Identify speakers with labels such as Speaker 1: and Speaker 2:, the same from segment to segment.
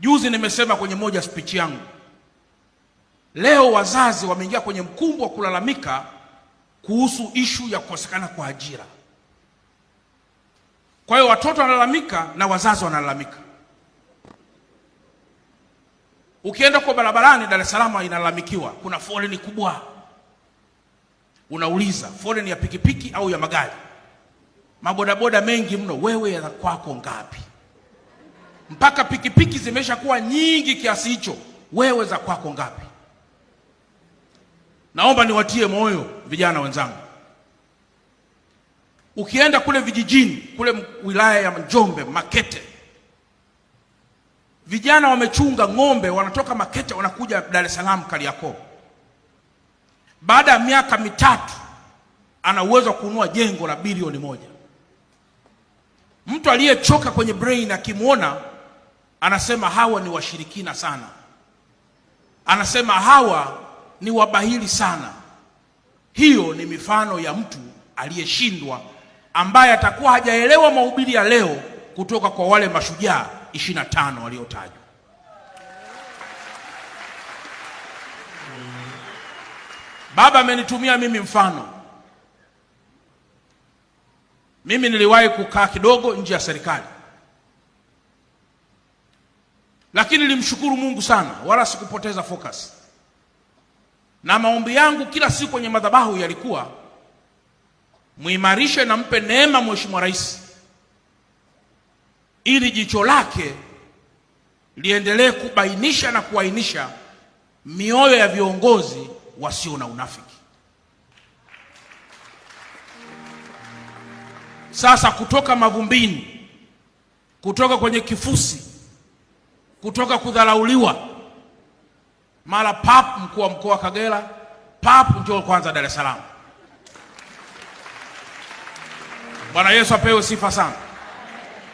Speaker 1: Juzi nimesema kwenye moja speech yangu, leo wazazi wameingia kwenye mkumbo wa kulalamika kuhusu ishu ya kukosekana kwa ajira. Kwa hiyo watoto wanalalamika na wazazi wanalalamika. Ukienda kwa barabarani Dar es Salaam inalalamikiwa, kuna foleni kubwa. Unauliza foleni ya pikipiki au ya magari? Mabodaboda mengi mno, wewe ya kwako ngapi? mpaka pikipiki zimeshakuwa nyingi kiasi hicho, wewe za kwako ngapi? Naomba niwatie moyo vijana wenzangu, ukienda kule vijijini kule wilaya ya Njombe Makete, vijana wamechunga ng'ombe, wanatoka Makete wanakuja Dar es Salaam Kariakoo. Baada ya miaka mitatu ana uwezo wa kununua jengo la bilioni moja. Mtu aliyechoka kwenye brain akimwona anasema hawa ni washirikina sana, anasema hawa ni wabahili sana. Hiyo ni mifano ya mtu aliyeshindwa ambaye atakuwa hajaelewa mahubiri ya leo kutoka kwa wale mashujaa tano waliotajwa. Baba amenitumia mimi mfano. Mimi niliwahi kukaa kidogo nje ya serikali lakini nilimshukuru Mungu sana, wala sikupoteza focus, na maombi yangu kila siku kwenye madhabahu yalikuwa muimarishe na mpe neema Mheshimiwa Rais ili jicho lake liendelee kubainisha na kuainisha mioyo ya viongozi wasio na unafiki. Sasa kutoka mavumbini, kutoka kwenye kifusi kutoka kudharauliwa. Mara pap mkuu wa mkoa wa Kagera, pap ndio kwanza Dar es Salaam. Bwana Yesu apewe sifa sana.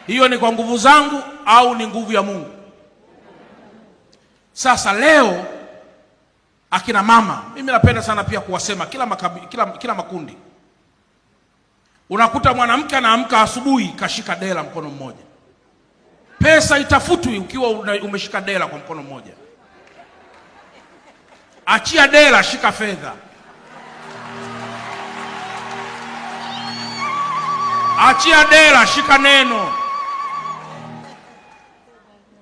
Speaker 1: Hiyo ni kwa nguvu zangu au ni nguvu ya Mungu? Sasa leo akina mama, mimi napenda sana pia kuwasema kila, makabi, kila, kila makundi. Unakuta mwanamke anaamka asubuhi kashika dela mkono mmoja Pesa itafutwi ukiwa umeshika dela kwa mkono mmoja. Achia dela, shika fedha. Achia dela, shika neno.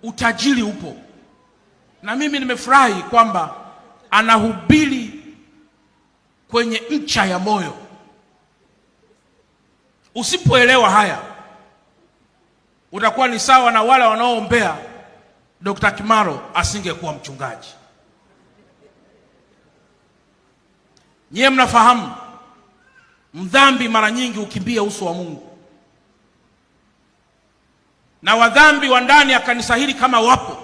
Speaker 1: Utajiri upo, na mimi nimefurahi kwamba anahubiri kwenye ncha ya moyo. Usipoelewa haya utakuwa ni sawa na wale wanaoombea Dr. Kimaro asingekuwa mchungaji. nyiye mnafahamu mdhambi mara nyingi ukimbia uso wa Mungu, na wadhambi wa ndani ya kanisa hili kama wapo,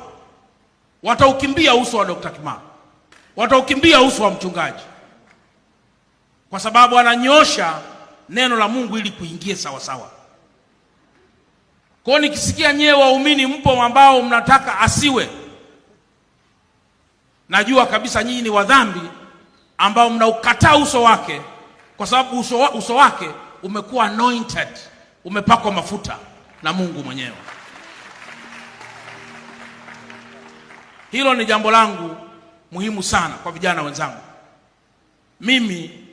Speaker 1: wataukimbia uso wa Dr. Kimaro, wataukimbia uso wa mchungaji, kwa sababu ananyosha neno la Mungu ili kuingie sawasawa. Kwa hiyo nikisikia nyewe waumini mpo ambao mnataka asiwe, najua kabisa nyinyi ni wadhambi ambao mnaukataa uso wake, kwa sababu uso, wa, uso wake umekuwa anointed, umepakwa mafuta na Mungu mwenyewe. Hilo ni jambo langu muhimu sana kwa vijana wenzangu. Mimi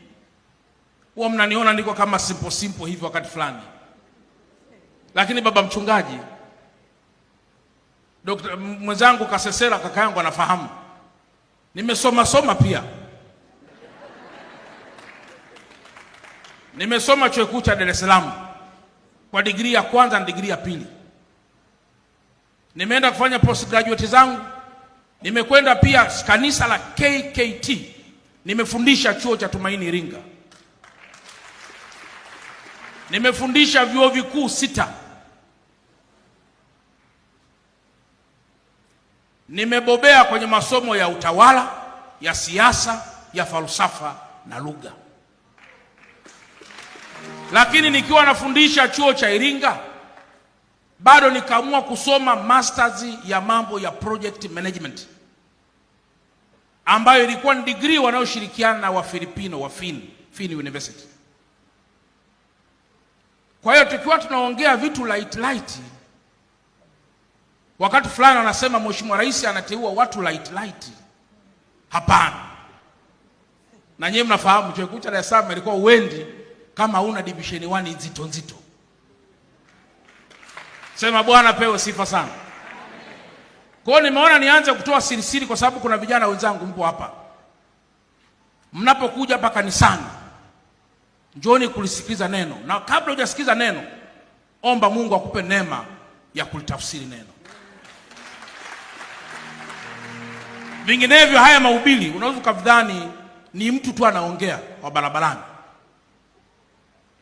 Speaker 1: huwa mnaniona niko kama simple simple hivi wakati fulani lakini baba mchungaji Dokta mwenzangu Kasesera kaka yangu anafahamu, nimesoma soma pia, nimesoma chuo kikuu cha Dar es Salaam kwa digrii ya kwanza na digrii ya pili. Nimeenda kufanya postgraduate zangu, nimekwenda pia kanisa la KKT, nimefundisha chuo cha Tumaini Iringa, nimefundisha vyuo vikuu sita Nimebobea kwenye masomo ya utawala, ya siasa, ya falsafa na lugha, lakini nikiwa nafundisha chuo cha Iringa bado nikaamua kusoma masters ya mambo ya project management ambayo ilikuwa ni degree wanayoshirikiana na Wafilipino wa Fin, Fin University. Kwa hiyo tukiwa tunaongea vitu light light Wakati fulani wanasema mheshimiwa rais anateua watu light light. Hapana, na nyewe mnafahamu chuo kikuu cha Dar es Salaam ilikuwa uendi kama una division 1 nzito nzito. Sema Bwana pewe sifa sana. Kwa hiyo nimeona nianze kutoa sirisiri, kwa sababu kuna vijana wenzangu mpo hapa. Mnapokuja hapa kanisani, njoni kulisikiza neno, na kabla hujasikiza neno, omba Mungu akupe neema ya kulitafsiri neno. Vinginevyo haya mahubiri unaweza ukavidhani ni mtu tu anaongea wa barabarani,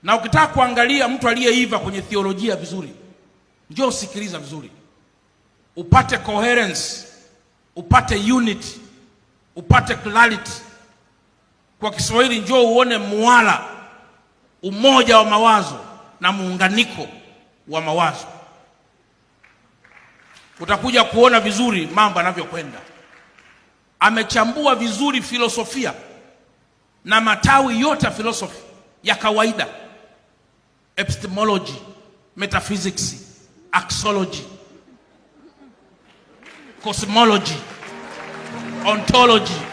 Speaker 1: na ukitaka kuangalia mtu aliyeiva kwenye theolojia vizuri, njoo usikiliza vizuri, upate coherence, upate unity, upate clarity. Kwa Kiswahili, njoo uone muwala, umoja wa mawazo na muunganiko wa mawazo, utakuja kuona vizuri mambo yanavyokwenda amechambua vizuri filosofia na matawi yote ya filosofi ya kawaida, epistemology, metaphysics, axiology, cosmology, ontology